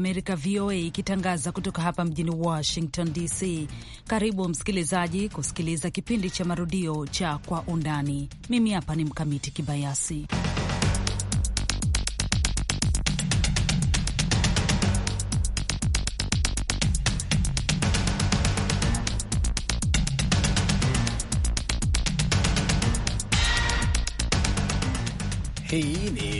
Amerika VOA ikitangaza kutoka hapa mjini Washington DC. Karibu msikilizaji kusikiliza kipindi cha marudio cha Kwa Undani. Mimi hapa ni Mkamiti Kibayasi. Hii ni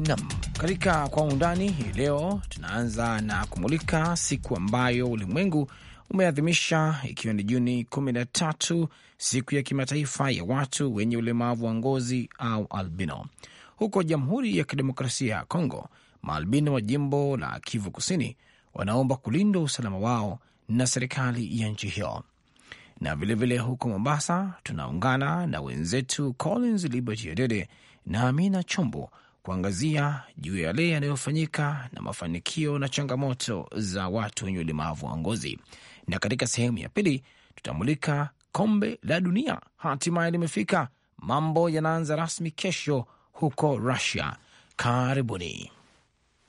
Nam, katika kwa undani hii leo tunaanza na kumulika siku ambayo ulimwengu umeadhimisha ikiwa ni Juni kumi na tatu, siku ya kimataifa ya watu wenye ulemavu wa ngozi au albino. Huko Jamhuri ya Kidemokrasia ya Kongo, maalbino wa jimbo la Kivu Kusini wanaomba kulindwa usalama wao na serikali ya nchi hiyo. Na vilevile vile huko Mombasa tunaungana na wenzetu Collins Liberty Adede na Amina Chombo kuangazia juu ya yale yanayofanyika na mafanikio na changamoto za watu wenye ulemavu wa ngozi, na katika sehemu ya pili tutamulika kombe la dunia hatimaye limefika. Mambo yanaanza rasmi kesho huko Russia. Karibuni.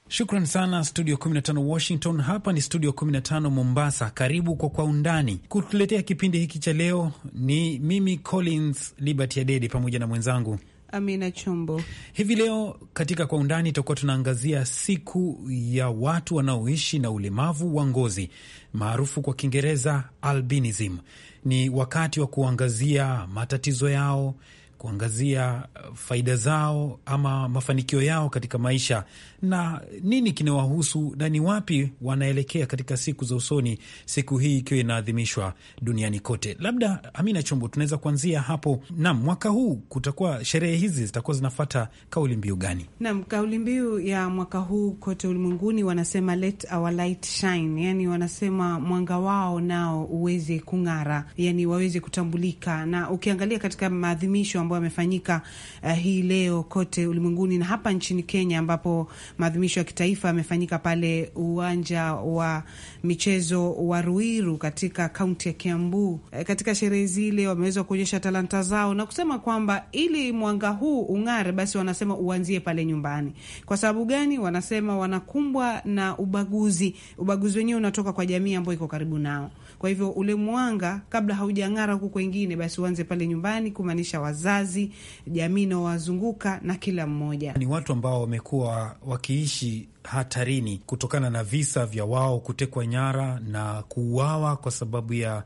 Shukran sana studio 15 Washington. Hapa ni studio 15 Mombasa. Karibu kwa kwa undani kutuletea kipindi hiki cha leo. Ni mimi Collins Liberty Adede pamoja na mwenzangu Amina Chombo. Hivi leo katika Kwa Undani tutakuwa tunaangazia siku ya watu wanaoishi na ulemavu wa ngozi maarufu kwa Kiingereza albinism. Ni wakati wa kuangazia matatizo yao kuangazia uh, faida zao ama mafanikio yao katika maisha na nini kinawahusu na ni wapi wanaelekea katika siku za usoni, siku hii ikiwa inaadhimishwa duniani kote. Labda Amina Chombo, tunaweza kuanzia hapo. Naam, mwaka huu kutakuwa sherehe hizi zitakuwa zinafata kauli mbiu gani? Naam, kauli mbiu ya mwaka huu kote ulimwenguni wanasema let our light shine, yani wanasema mwanga wao nao uweze kung'ara, yani waweze kutambulika, na ukiangalia katika maadhimisho ambayo yamefanyika uh, hii leo kote ulimwenguni na hapa nchini Kenya, ambapo maadhimisho ya kitaifa yamefanyika pale uwanja wa michezo wa Ruiru katika kaunti ya Kiambu. Uh, katika sherehe zile wameweza kuonyesha talanta zao na kusema kwamba ili mwanga huu ung'are, basi wanasema uanzie pale nyumbani. Kwa sababu gani? Wanasema wanakumbwa na ubaguzi. Ubaguzi wenyewe unatoka kwa jamii ambayo iko karibu nao. Kwa hivyo ule mwanga kabla haujang'ara huku kwengine, basi uanze pale nyumbani, kumaanisha wazazi, jamii inaowazunguka na kila mmoja. Ni watu ambao wamekuwa wakiishi hatarini kutokana na visa vya wao kutekwa nyara na kuuawa kwa sababu ya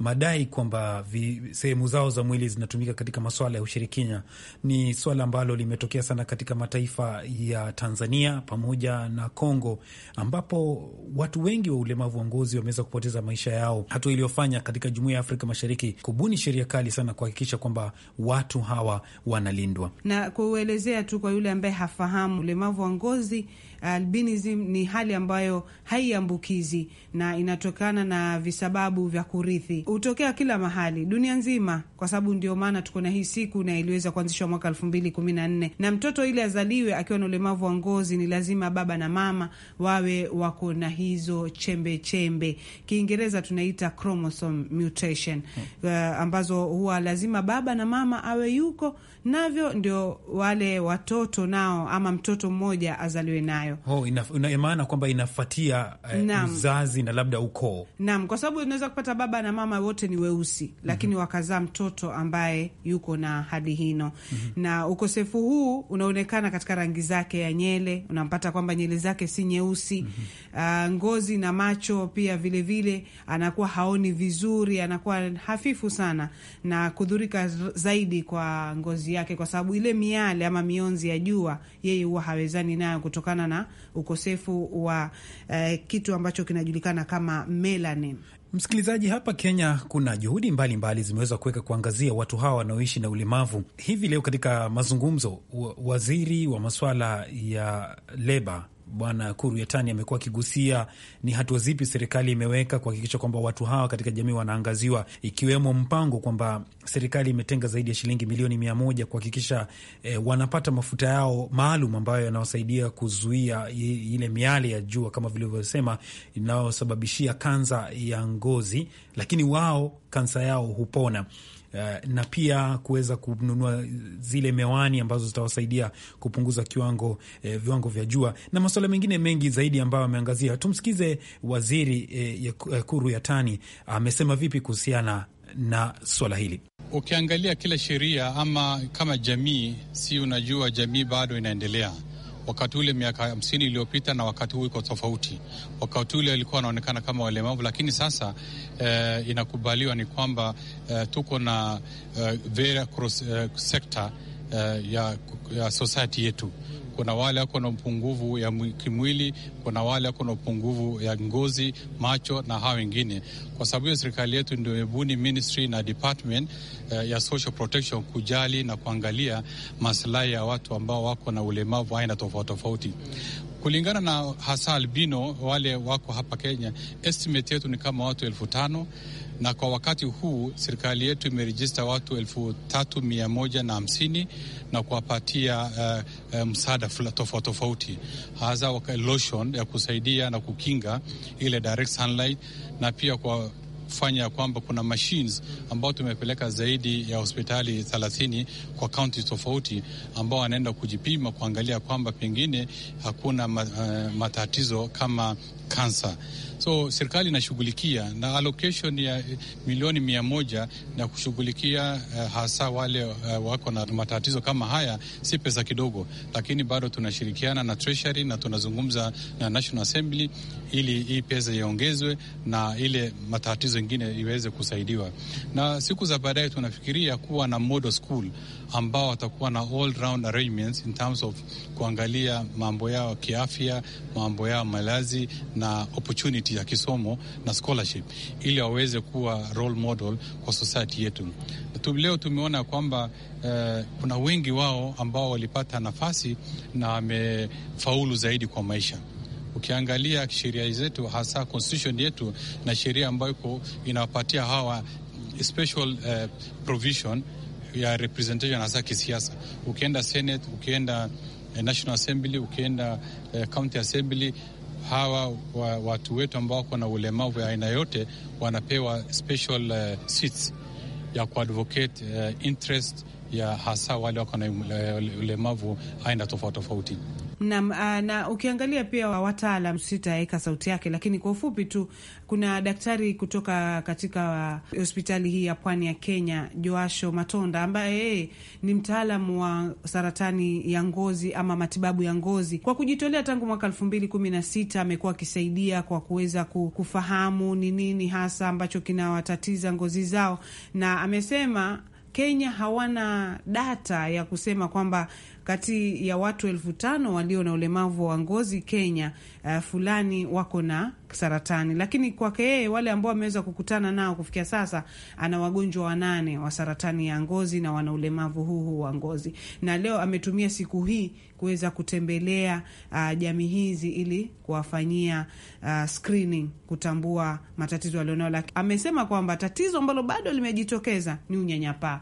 madai kwamba sehemu zao za mwili zinatumika katika maswala ya ushirikina ni swala ambalo limetokea sana katika mataifa ya Tanzania pamoja na Kongo, ambapo watu wengi wa ulemavu wa ngozi wameweza kupoteza maisha yao, hatua iliyofanya katika Jumuiya ya Afrika Mashariki kubuni sheria kali sana kuhakikisha kwamba watu hawa wanalindwa. Na kuelezea tu kwa yule ambaye hafahamu ulemavu wa ngozi albinism ni hali ambayo haiambukizi na inatokana na visababu vya kurithi. Hutokea kila mahali dunia nzima, kwa sababu ndio maana tuko na hii siku, na iliweza kuanzishwa mwaka elfu mbili kumi na nne na mtoto ili azaliwe akiwa na ulemavu wa ngozi, ni lazima baba na mama wawe wako na hizo chembe chembe, Kiingereza tunaita chromosome mutation, uh, ambazo huwa lazima baba na mama awe yuko navyo, ndio wale watoto nao ama mtoto mmoja azaliwe nayo nayo. Oh, ina, ina maana kwamba inafuatia eh, uzazi na labda ukoo. Naam, kwa sababu unaweza kupata baba na mama wote ni weusi lakini mm -hmm. wakazaa mtoto ambaye yuko na hali hino mm -hmm. na ukosefu huu unaonekana katika rangi zake ya nyele, unampata kwamba nyele zake si nyeusi mm -hmm. uh, ngozi na macho pia vilevile vile, anakuwa haoni vizuri, anakuwa hafifu sana na kudhurika zaidi kwa ngozi yake, kwa sababu ile miale ama mionzi ya jua yeye huwa hawezani nayo kutokana na ukosefu wa eh, kitu ambacho kinajulikana kama melanin. Msikilizaji, hapa Kenya kuna juhudi mbalimbali zimeweza kuweka kuangazia watu hawa wanaoishi na ulemavu. Hivi leo katika mazungumzo, waziri wa masuala ya leba Bwana Kuru amekuwa akigusia ni hatua zipi serikali imeweka kuhakikisha kwamba watu hawa katika jamii wanaangaziwa, ikiwemo mpango kwamba serikali imetenga zaidi ya shilingi milioni mia moja kuhakikisha eh, wanapata mafuta yao maalum ambayo yanawasaidia kuzuia ile miale ya jua kama vilivyosema inayosababishia kansa ya ngozi, lakini wao kansa yao hupona. Eh, na pia kuweza kununua zile mewani ambazo zitawasaidia kupunguza kiwango eh, viwango vya jua na masuala mengine mengi zaidi ambayo ameangazia. Tumsikize waziri eh, Yakuru eh, Yatani amesema vipi kuhusiana na swala hili. Ukiangalia kila sheria ama kama jamii, si unajua jamii bado inaendelea wakati ule miaka hamsini iliyopita na wakati huu iko tofauti. Wakati ule walikuwa wanaonekana kama walemavu, lakini sasa eh, inakubaliwa ni kwamba eh, tuko na eh, vera cross eh, sector eh, ya, ya society yetu kuna wale wako na upungufu ya kimwili, kuna wale wako na upungufu ya ngozi, macho na hawa wengine. Kwa sababu hiyo, serikali yetu ndio imebuni ministry na department eh, ya social protection kujali na kuangalia maslahi ya watu ambao wako na ulemavu aina tofauti tofauti kulingana na hasa albino wale wako hapa Kenya, estimate yetu ni kama watu elfu tano na kwa wakati huu serikali yetu imerejista watu elfu tatu mia moja na hamsini na kuwapatia uh, msaada tofauti tofauti, hasa lotion ya kusaidia na kukinga ile direct sunlight, na pia kwa fanya kwamba kuna machines ambao tumepeleka zaidi ya hospitali thelathini kwa kaunti tofauti, ambao wanaenda kujipima kuangalia kwamba pengine hakuna eh, matatizo kama kansa. So serikali inashughulikia na allocation ya eh, milioni mia moja na kushughulikia uh, hasa wale uh, wako na matatizo kama haya, si pesa kidogo, lakini bado tunashirikiana na Treasury na tunazungumza na National Assembly ili hii pesa iongezwe na ile matatizo ingine iweze kusaidiwa, na siku za baadaye tunafikiria kuwa na model school ambao watakuwa na all round arrangements in terms of kuangalia mambo yao kiafya, mambo yao malazi na opportunity ya kisomo na scholarship, ili waweze kuwa role model kwa society yetu. Leo tumeona kwamba eh, kuna wengi wao ambao walipata nafasi na wamefaulu zaidi kwa maisha. Ukiangalia sheria zetu hasa constitution yetu na sheria ambayo inawapatia hawa special uh, provision ya representation hasa kisiasa. Ukienda Senate, ukienda eh, National Assembly, ukienda eh, County Assembly, hawa wa, watu wetu ambao wako na ulemavu ya aina yote wanapewa special uh, seats ya kuadvocate uh, interest ya hasa wale wako na ulemavu aina tofauti tofauti uh, na ukiangalia pia wataalam, sitaweka sauti yake, lakini kwa ufupi tu, kuna daktari kutoka katika ah, hospitali hii ya pwani ya Kenya, Joasho Matonda, ambaye yeye ni mtaalamu wa saratani ya ngozi ama matibabu ya ngozi. Kwa kujitolea tangu mwaka elfu mbili kumi na sita amekuwa akisaidia kwa kuweza kufahamu ni nini hasa ambacho kinawatatiza ngozi zao, na amesema Kenya hawana data ya kusema kwamba kati ya watu elfu tano walio na ulemavu wa ngozi Kenya, uh, fulani wako na saratani, lakini kwake yeye wale ambao wameweza kukutana nao kufikia sasa, ana wagonjwa wanane wa saratani ya ngozi na wana ulemavu huu huu wa ngozi, na leo ametumia siku hii kuweza kutembelea uh, jamii hizi ili kuwafanyia uh, screening kutambua matatizo alionao. Lakini amesema kwamba tatizo ambalo bado limejitokeza ni unyanyapaa,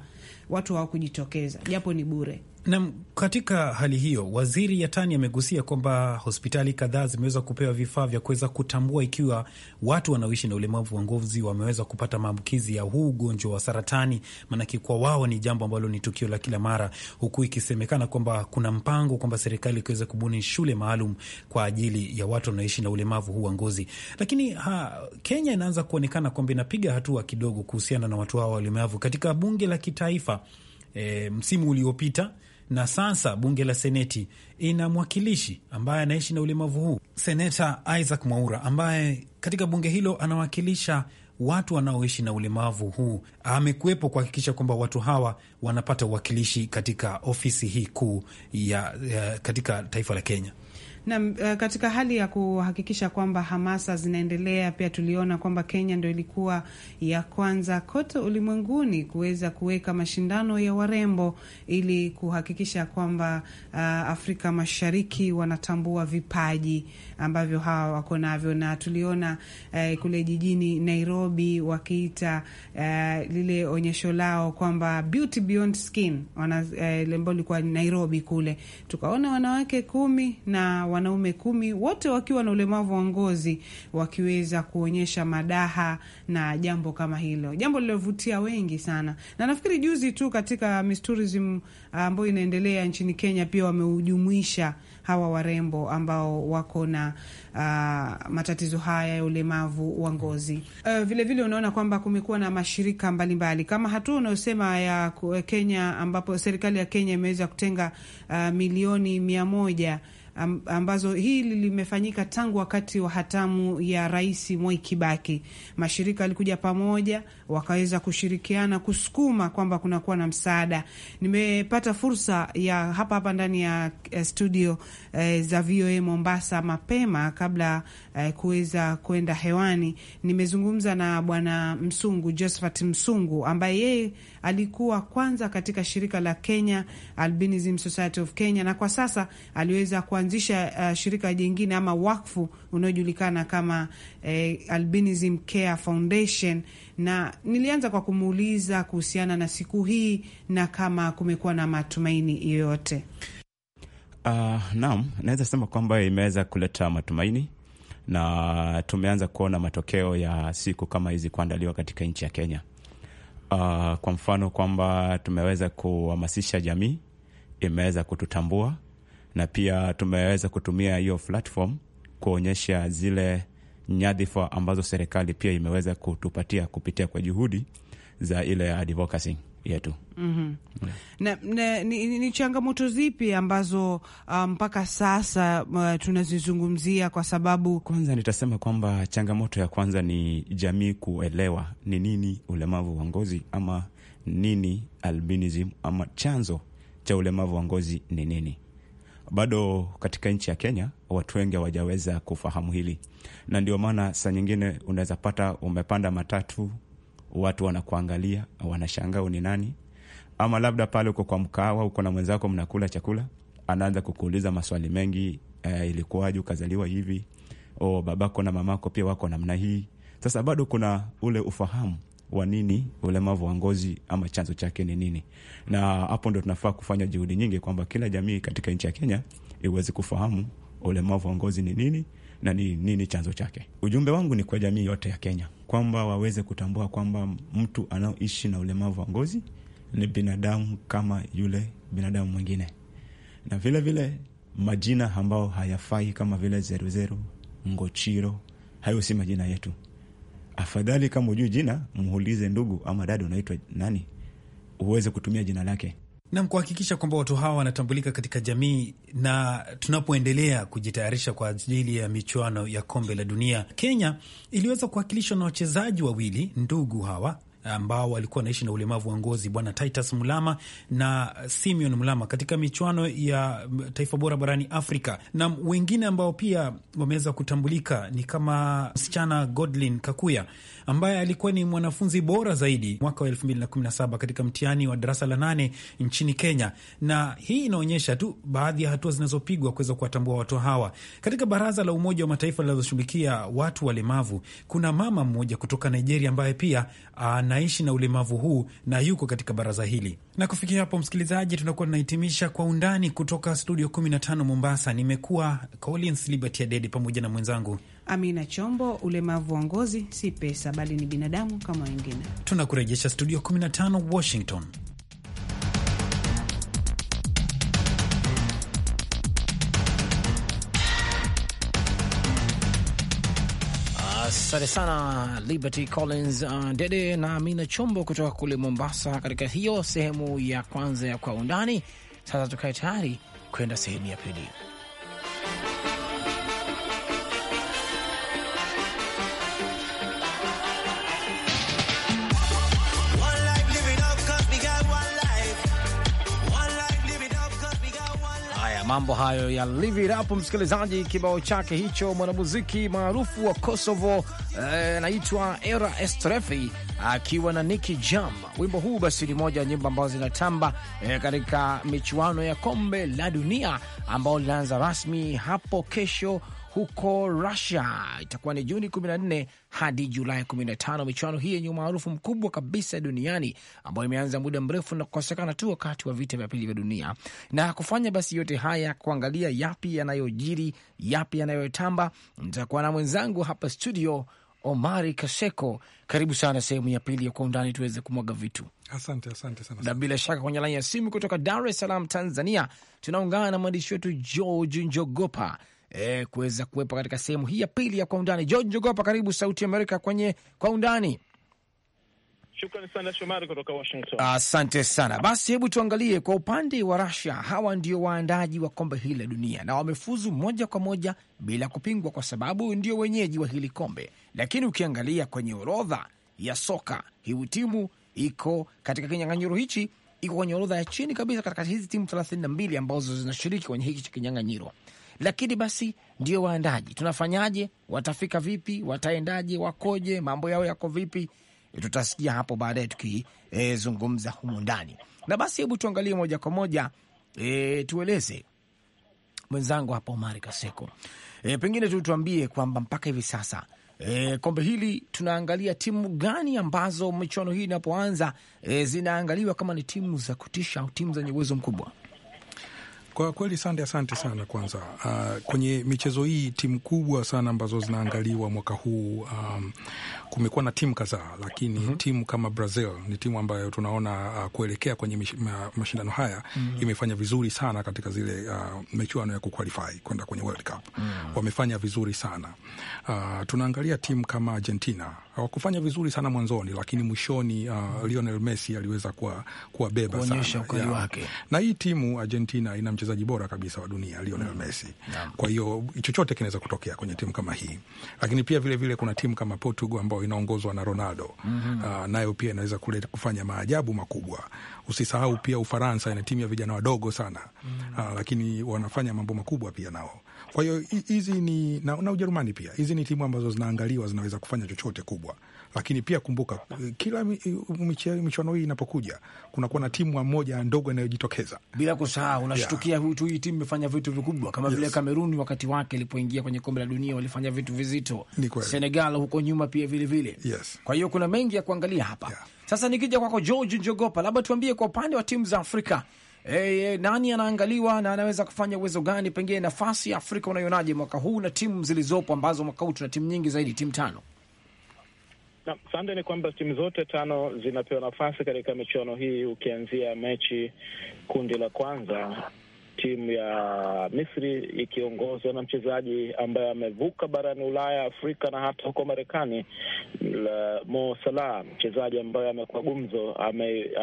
watu hawakujitokeza japo ni bure. Nam, katika hali hiyo, waziri Yatani amegusia kwamba hospitali kadhaa zimeweza kupewa vifaa vya kuweza kutambua ikiwa watu wanaoishi na ulemavu wa ngozi wameweza kupata maambukizi ya huu ugonjwa wa saratani, maanake kwa wao ni jambo ambalo ni tukio la kila mara, huku ikisemekana kwamba kuna mpango kwamba serikali ikiweza kubuni shule maalum kwa ajili ya watu wanaoishi na ulemavu huu wa ngozi. Lakini ha, Kenya inaanza kuonekana kwamba inapiga hatua kidogo kuhusiana na watu hawa wa ulemavu katika bunge la kitaifa. E, msimu uliopita na sasa bunge la Seneti ina mwakilishi ambaye anaishi na ulemavu huu, Seneta Isaac Mwaura, ambaye katika bunge hilo anawakilisha watu wanaoishi na ulemavu huu. Amekuwepo kuhakikisha kwamba watu hawa wanapata uwakilishi katika ofisi hii kuu ya, ya katika taifa la Kenya uh, katika hali ya kuhakikisha kwamba hamasa zinaendelea, pia tuliona kwamba Kenya ndo ilikuwa ya kwanza kote ulimwenguni kuweza kuweka mashindano ya warembo ili kuhakikisha kwamba uh, Afrika Mashariki wanatambua vipaji ambavyo hawa wako navyo, na tuliona uh, kule jijini Nairobi wakiita uh, lile onyesho lao kwamba Beauty Beyond Skin uh, lembo likuwa Nairobi kule, tukaona wanawake kumi na wanaume kumi, wote wakiwa na ulemavu wa ngozi, wakiweza kuonyesha madaha na jambo kama hilo, jambo lilovutia wengi sana. Na nafikiri juzi tu katika Miss Tourism ah, ambayo inaendelea nchini Kenya pia wameujumuisha hawa warembo ambao wako na uh, matatizo haya ya ulemavu wa ngozi vilevile. Eh, uh, vile unaona kwamba kumekuwa na mashirika mbalimbali mbali, kama hatua unayosema ya Kenya ambapo serikali ya Kenya imeweza kutenga uh, milioni mia moja ambazo hili limefanyika tangu wakati wa hatamu ya Rais Mwai Kibaki. Mashirika alikuja pamoja, wakaweza kushirikiana kusukuma kwamba kunakuwa na msaada. Nimepata fursa ya hapa hapa ndani ya eh, studio eh, za VOA Mombasa mapema kabla eh, kuweza kwenda hewani, nimezungumza na Bwana Msungu, Josephat Msungu ambaye yeye alikuwa kwanza katika shirika la Kenya Albinism Society of Kenya, na kwa sasa aliweza kuanzisha uh, shirika jingine ama wakfu unaojulikana kama eh, Albinism Care Foundation, na nilianza kwa kumuuliza kuhusiana na siku hii na kama kumekuwa na matumaini yoyote. Uh, naam, naweza sema kwamba imeweza kuleta matumaini na tumeanza kuona matokeo ya siku kama hizi kuandaliwa katika nchi ya Kenya. Uh, kwa mfano kwamba tumeweza kuhamasisha jamii, imeweza kututambua na pia tumeweza kutumia hiyo platform kuonyesha zile nyadhifa ambazo serikali pia imeweza kutupatia kupitia kwa juhudi za ile advocacy yetu. Mm -hmm. Yeah. Na, na, ni, ni changamoto zipi ambazo uh, mpaka um, sasa uh, tunazizungumzia? Kwa sababu kwanza nitasema kwamba changamoto ya kwanza ni jamii kuelewa ni nini ulemavu wa ngozi ama nini albinism ama chanzo cha ulemavu wa ngozi ni nini. Bado katika nchi ya Kenya watu wengi hawajaweza kufahamu hili, na ndio maana saa nyingine unaweza pata umepanda matatu watu wanakuangalia, wanashangaa uni nani. Ama labda pale uko kwa mkawa uko na mwenzako, mnakula chakula, anaanza kukuuliza maswali mengi eh, ilikuwaje ukazaliwa hivi? O, oh, babako na mamako pia wako namna hii. Sasa bado kuna ule ufahamu wa nini ulemavu wa ngozi ama chanzo chake ni nini, na hapo ndo tunafaa kufanya juhudi nyingi kwamba kila jamii katika nchi ya Kenya iweze kufahamu ulemavu wa ngozi ni nini na ni nini chanzo chake. Ujumbe wangu ni kwa jamii yote ya Kenya kwamba waweze kutambua kwamba mtu anaoishi na ulemavu wa ngozi ni binadamu kama yule binadamu mwingine, na vilevile vile majina ambayo hayafai kama vile zeruzeru, ngochiro, hayo si majina yetu. Afadhali kama ujui jina, muulize ndugu ama dada, unaitwa nani, uweze kutumia jina lake. Nam, kuhakikisha kwamba watu hawa wanatambulika katika jamii. Na tunapoendelea kujitayarisha kwa ajili ya michuano ya kombe la dunia, Kenya iliweza kuwakilishwa na wachezaji wawili ndugu hawa ambao walikuwa wanaishi na ulemavu wa ngozi, bwana Titus Mulama na Simeon Mulama katika michuano ya taifa bora barani Afrika, na wengine ambao pia wameweza kutambulika ni kama msichana Godlin Kakuya ambaye alikuwa ni mwanafunzi bora zaidi mwaka wa 2017 katika mtihani wa darasa la nane nchini Kenya, na hii inaonyesha tu baadhi ya hatua zinazopigwa kuweza kuwatambua watu hawa. Katika baraza la Umoja wa Mataifa linazoshughulikia watu walemavu, kuna mama mmoja kutoka Nigeria ambaye pia ana anaishi na ulemavu huu na yuko katika baraza hili. Na kufikia hapo, msikilizaji, tunakuwa tunahitimisha Kwa Undani kutoka studio 15 Mombasa. Nimekuwa Collins Liberty Adede pamoja na mwenzangu Amina Chombo. Ulemavu wa ngozi si pesa, bali ni binadamu kama wengine. Tunakurejesha studio 15 Washington. Asante sana Liberty Collins uh, Dede na Amina Chombo kutoka kule Mombasa, katika hiyo sehemu ya kwanza ya Kwa Undani. Sasa tukae tayari kwenda sehemu ya pili. Mambo hayo ya live it up, msikilizaji. Kibao chake hicho mwanamuziki maarufu wa Kosovo eh, anaitwa eh, Era Estrefi akiwa na Nicky Jam. Wimbo huu basi ni moja ya nyimbo ambazo zinatamba eh, katika michuano ya kombe la dunia ambao linaanza rasmi hapo kesho huko Russia. Itakuwa ni Juni 14 hadi Julai 15. Michuano hii yenye umaarufu mkubwa kabisa duniani ambayo imeanza muda mrefu na kukosekana tu wakati wa vita vya pili vya dunia. Na kufanya basi yote haya, kuangalia yapi yanayojiri, yapi yanayotamba, nitakuwa na mwenzangu hapa studio Omari Kaseko, karibu sana sehemu ya pili ya Kwa Undani, tuweze kumwaga vitu. Asante, asante sana. Na bila shaka kwenye laini ya simu kutoka Dar es Salaam, Tanzania, tunaungana na mwandishi wetu George Njogopa e, kuweza kuwepo katika sehemu hii ya pili ya kwa undani. George Njogopa, karibu Sauti Amerika kwenye kwa undani. Shukrani sana Shomari kutoka Washington. Asante sana. Basi hebu tuangalie kwa upande wa Russia. Hawa ndio waandaji wa kombe hili la dunia na wamefuzu moja kwa moja bila kupingwa, kwa sababu ndio wenyeji wa hili kombe. Lakini ukiangalia kwenye orodha ya soka, hii timu iko katika kinyang'anyiro hichi, iko kwenye orodha ya chini kabisa katika hizi timu 32 ambazo zinashiriki kwenye hiki cha kinyang'anyiro lakini basi ndio waandaji, tunafanyaje? Watafika vipi? Wataendaje? Wakoje? mambo yao yako vipi? E, tutasikia hapo baadaye tukizungumza e, humu ndani. Na basi hebu tuangalie moja kwa moja e, tueleze mwenzangu hapa Omari Kaseko e, pengine tutuambie tuambie kwamba mpaka hivi sasa e, kombe hili tunaangalia timu gani ambazo michuano hii inapoanza e, zinaangaliwa kama ni timu za kutisha au timu zenye uwezo mkubwa? Kwa kweli Sande, asante sana kwanza. Uh, kwenye michezo hii timu kubwa sana ambazo zinaangaliwa mwaka huu um, kumekuwa na timu kadhaa, lakini mm -hmm. timu kama Brazil ni timu ambayo tunaona uh, kuelekea kwenye mish, ma, mashindano haya mm -hmm. imefanya vizuri sana katika zile uh, michuano ya kuqualify kwenda kwenye World Cup mm -hmm. wamefanya vizuri sana uh, tunaangalia timu kama Argentina hawakufanya eh, vizuri sana mwanzoni, lakini mwishoni uh, Lionel Messi aliweza kuwabeba sana, na hii timu Argentina ina mchezaji bora kabisa wa dunia Lionel mm. Messi yeah. Kwa hiyo chochote kinaweza kutokea kwenye timu kama hii, lakini pia vilevile vile kuna timu kama Portugal ambayo inaongozwa na Ronaldo mm -hmm. uh, nayo pia inaweza kufanya maajabu makubwa. Usisahau pia Ufaransa ina timu ya vijana wadogo sana mm -hmm. uh, lakini wanafanya mambo makubwa pia nao kwa hiyo hizi ni na, na Ujerumani pia, hizi ni timu ambazo zinaangaliwa zinaweza kufanya chochote kubwa, lakini pia kumbuka, kila michuano hii inapokuja kunakuwa na timu moja ndogo inayojitokeza, bila kusahau unashtukia yeah. Huyu hii timu imefanya vitu vikubwa kama yes. vile Kameruni wakati wake ilipoingia kwenye kombe la dunia walifanya vitu vizito, Senegal huko nyuma pia vile vile. Yes. Kwa hiyo kuna mengi ya kuangalia hapa yeah. Sasa nikija kwako George Njogopa, labda tuambie kwa upande wa timu za Afrika e, nani anaangaliwa na anaweza kufanya uwezo gani? Pengine nafasi ya Afrika unaionaje mwaka huu na timu zilizopo ambazo mwaka huu tuna timu nyingi zaidi, timu tano? Sande ni kwamba timu zote tano zinapewa nafasi katika michuano hii, ukianzia mechi kundi la kwanza timu ya Misri ikiongozwa na mchezaji ambaye amevuka barani Ulaya, Afrika na hata huko Marekani, Mo Salah, mchezaji ambaye amekuwa gumzo,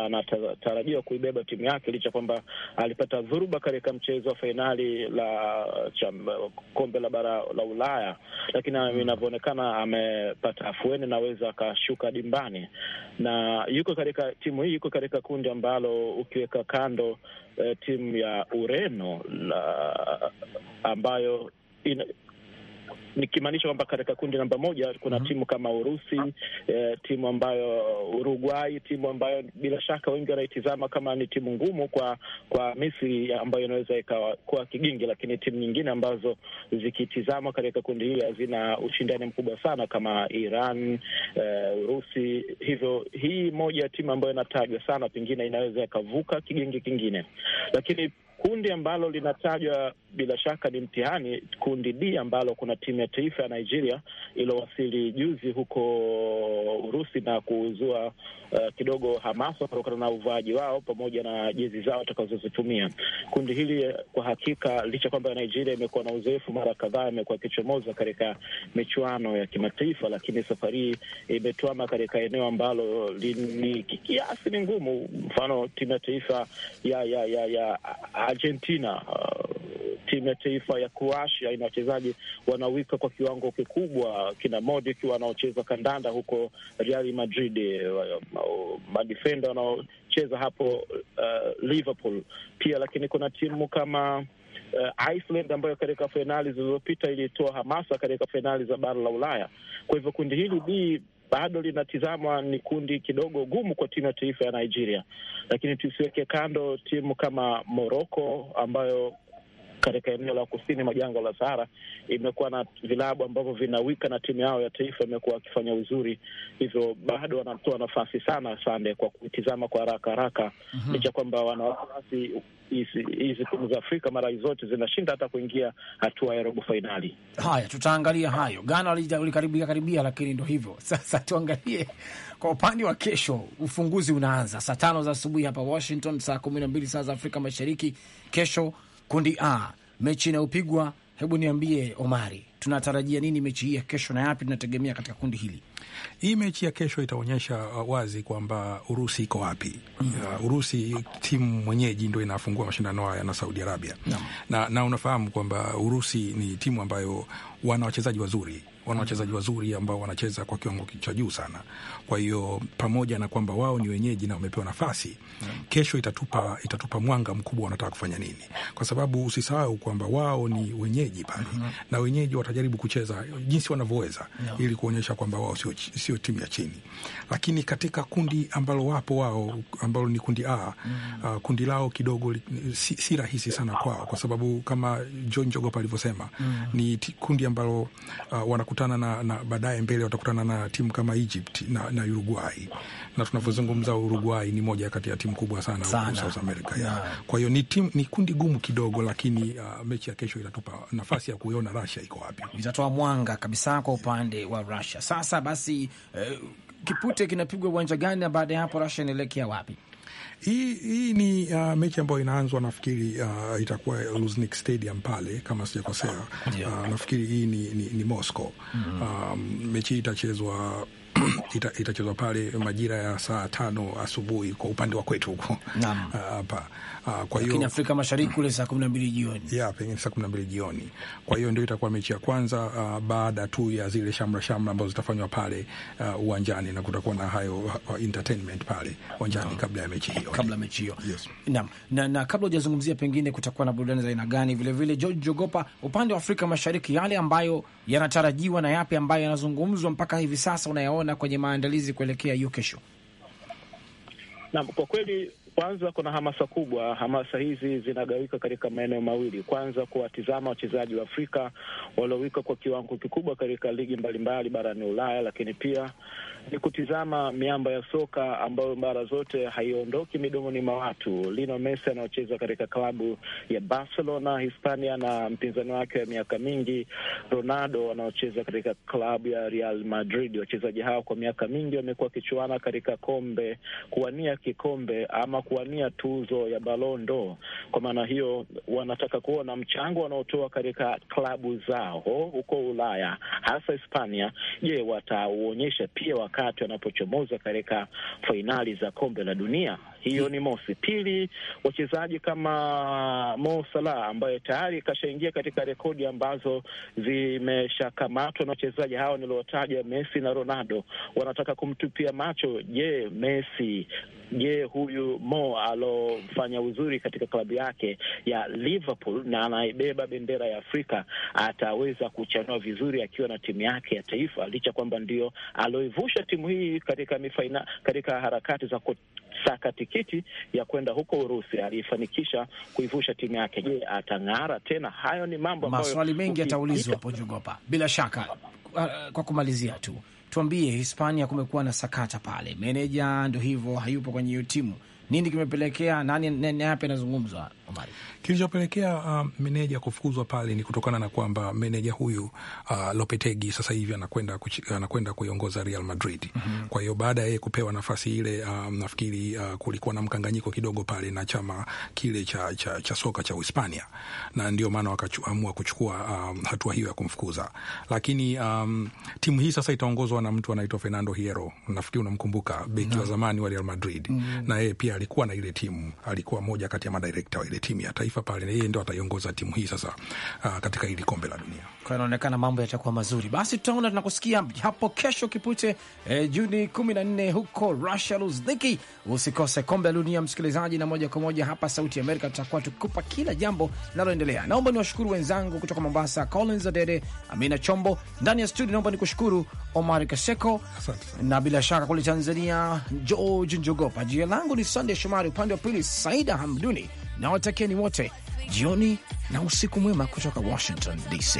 anatarajiwa kuibeba timu yake licha kwamba alipata dhuruba katika mchezo wa fainali la cham, kombe la bara la Ulaya, lakini mm, inavyoonekana amepata afueni, naweza akashuka dimbani na yuko katika timu hii, yuko katika kundi ambalo ukiweka kando eh, timu ya Ureno la, ambayo in, nikimaanisha kwamba katika kundi namba moja kuna mm -hmm. timu kama Urusi eh, timu ambayo Uruguay, timu ambayo bila shaka wengi wanaitizama kama ni timu ngumu kwa kwa Misri ambayo inaweza ikakuwa kigingi, lakini timu nyingine ambazo zikitizama katika kundi hili hazina ushindani mkubwa sana kama Iran, eh, Urusi. Hivyo hii moja ya timu ambayo inatajwa sana, pengine inaweza ikavuka kigingi kingine, lakini kundi ambalo linatajwa bila shaka ni mtihani. Kundi D ambalo kuna timu ya taifa ya Nigeria iliyowasili juzi huko Urusi na kuzua uh, eh, kidogo hamasa kutokana na uvaaji wao pamoja na jezi zao watakazozitumia. Kundi hili eh, kwa hakika, licha kwamba Nigeria imekuwa na uzoefu mara kadhaa, imekuwa ikichomoza katika michuano ya kimataifa, lakini safari hii imetwama katika eneo ambalo ni kiasi ni ngumu. Mfano timu ya taifa ya ya ya ya Argentina uh, timu ya taifa ya Kroatia yaani ina wachezaji wanawika kwa kiwango kikubwa, kina Modric wanaocheza kandanda huko Real Madrid, madifenda wanaocheza hapo uh, Liverpool pia, lakini kuna timu kama Uh, Iceland ambayo katika fainali zilizopita ilitoa hamasa katika fainali za bara la Ulaya. Kwa hivyo kundi hili B bado linatizamwa ni kundi kidogo gumu kwa timu ya taifa ya Nigeria, lakini tusiweke kando timu kama Morocco ambayo katika eneo la kusini mwa jangwa la Sahara imekuwa na vilabu ambavyo vinawika na timu yao ya taifa imekuwa wakifanya uzuri, hivyo bado wanatoa nafasi sana sande kwa kuitizama kwa haraka haraka, mhm. licha kwamba wana hizi timu za Afrika mara zote zinashinda hata kuingia hatua ya robo fainali. Haya, tutaangalia hayo. Ghana walikaribia karibia, lakini ndo hivyo sasa. Tuangalie kwa upande wa kesho. Ufunguzi unaanza saa tano za asubuhi hapa Washington, saa kumi na mbili saa za Afrika Mashariki. Kesho kundi A, mechi inayopigwa. Hebu niambie Omari, tunatarajia nini mechi hii ya kesho na yapi tunategemea katika kundi hili? Hii mechi ya kesho itaonyesha uh, wazi kwamba Urusi iko wapi. mm -hmm. Uh, Urusi timu mwenyeji ndo inafungua mashindano haya na Saudi Arabia. mm -hmm. na, na unafahamu kwamba Urusi ni timu ambayo wana wachezaji wazuri wana wachezaji wazuri ambao wanacheza kwa kiwango cha juu sana. Kwa hiyo pamoja na kwamba wao ni wenyeji na wamepewa nafasi, kesho itatupa, itatupa mwanga mkubwa wanataka kufanya nini, kwa sababu usisahau kwamba wao ni wenyeji pale mhm. na wenyeji watajaribu kucheza jinsi wanavyoweza ili kuonyesha kwamba wao sio, sio timu ya chini, lakini katika kundi ambalo wapo wao ambalo ni kundi A mm. uh, kundi lao kidogo si, si rahisi sana kwao, kwa sababu kama John Jogopa alivyosema mm. ni kundi ambalo uh, wanaku watakutana na, na baadaye mbele watakutana na timu kama Egypt na, na Uruguay na tunavyozungumza Uruguay ni moja kati ya timu kubwa sana, sana. South America yeah. Kwa hiyo ni timu, ni kundi gumu kidogo, lakini uh, mechi ya kesho itatupa nafasi ya kuiona Russia iko wapi, itatoa mwanga kabisa kwa upande wa Russia. Sasa basi eh, kipute kinapigwa uwanja gani na baada ya hapo Russia inaelekea wapi? Hii, hii ni uh, mechi ambayo inaanzwa nafikiri uh, itakuwa Luznik Stadium pale kama sijakosea. Uh, nafikiri hii ni, ni, ni Moscow. Mm -hmm. Um, mechi hii itachezwa itachezwa ita pale majira ya saa tano asubuhi kwa upande wa kwetu huko ah, hapa. Ah, kwa hiyo Afrika Mashariki kule saa kumi na mbili jioni ya pengine saa kumi na mbili jioni. Kwa hiyo ndio itakuwa mechi ya kwanza uh, baada tu ya zile shamra shamra ambazo zitafanywa pale uwanjani uh, na kutakuwa na hayo uh, entertainment pale uwanjani no. kabla ya mechi hiyo, kabla mechi hiyo yes. Naam, na, na kabla hujazungumzia pengine kutakuwa na burudani za aina gani vilevile, George Jogopa, upande wa Afrika Mashariki yale ambayo yanatarajiwa na yapi ambayo yanazungumzwa mpaka hivi sasa unayaona mnaona kwenye maandalizi kuelekea hiyo kesho? Naam, kwa kweli kwanza kuna hamasa kubwa. Hamasa hizi zinagawika katika maeneo mawili. Kwanza, kuwatizama wachezaji wa Afrika waliowika kwa kiwango kikubwa katika ligi mbalimbali barani Ulaya, lakini pia ni kutizama miamba ya soka ambayo mara zote haiondoki midomoni mwa watu. Lionel Messi anaocheza katika klabu ya Barcelona Hispania, na mpinzani wake wa miaka mingi Ronaldo anaocheza katika klabu ya Real Madrid. Wachezaji hao kwa miaka mingi wamekuwa wakichuana katika kombe, kuwania kikombe ama kuwania tuzo ya balondo Kwa maana hiyo, wanataka kuona mchango wanaotoa katika klabu zao huko Ulaya, hasa Hispania. Je, watauonyesha pia wakati wanapochomoza katika fainali za kombe la dunia? Hiyo ni mosi. Pili, wachezaji kama Mo Salah ambaye tayari kashaingia katika rekodi ambazo zimeshakamatwa na wachezaji hawa niliotaja Messi na Ronaldo, wanataka kumtupia macho. Je, Messi, je, huyu Mo alofanya uzuri katika klabu yake ya Liverpool na anaibeba bendera ya Afrika ataweza kuchanua vizuri akiwa na timu yake ya taifa, licha kwamba ndio aloivusha timu hii katika mifaina, katika harakati za kusaka tikiti ya kwenda huko Urusi. aliyefanikisha kuivusha timu yake. Je, atang'ara tena? Hayo ni mambo ambayo maswali mengi yataulizwa hapo jogopa. Bila shaka, uh, kwa kumalizia tu tuambie, Hispania kumekuwa na sakata pale, meneja ndo hivyo hayupo kwenye hiyo timu. Nini kimepelekea? Nani hapa anazungumzwa? Omari. Kilichopelekea uh, meneja kufukuzwa pale ni kutokana na kwamba meneja huyu uh, Lopetegi sasa hivi anakwenda anakwenda kuiongoza Real Madrid. mm -hmm. Kwa hiyo baada ya yeye kupewa nafasi ile, um, nafikiri uh, kulikuwa na mkanganyiko kidogo pale na chama kile cha, cha, cha soka cha Uhispania, na ndio maana wakaamua kuchukua um, hatua hiyo ya kumfukuza. Lakini um, timu hii sasa itaongozwa na mtu anaitwa Fernando Hierro, nafikiri unamkumbuka, beki wa zamani wa Real Madrid. mm -hmm. Na yeye pia alikuwa na ile timu, alikuwa moja kati ya madirekta wa ile ile timu ya taifa pale, na yeye ndo ataiongoza timu hii sasa uh, katika hili kombe la dunia. Kwa hiyo inaonekana mambo yatakuwa mazuri. Basi tutaona, tunakusikia hapo kesho Kipute eh, Juni kumi na nne huko Russia, Luzniki. Usikose kombe la dunia, msikilizaji, na moja kwa moja hapa Sauti ya Amerika tutakuwa tukikupa kila jambo linaloendelea. Naomba niwashukuru wenzangu kutoka Mombasa, Collins Adede, Amina Chombo ndani ya studio. Naomba nikushukuru Omar Kaseko na bila shaka kule Tanzania, George Njogopa. Jina langu ni Sandey Shomari, upande wa pili Saida Hamduni na watakieni wote jioni na usiku mwema kutoka Washington DC.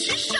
Shh, shh,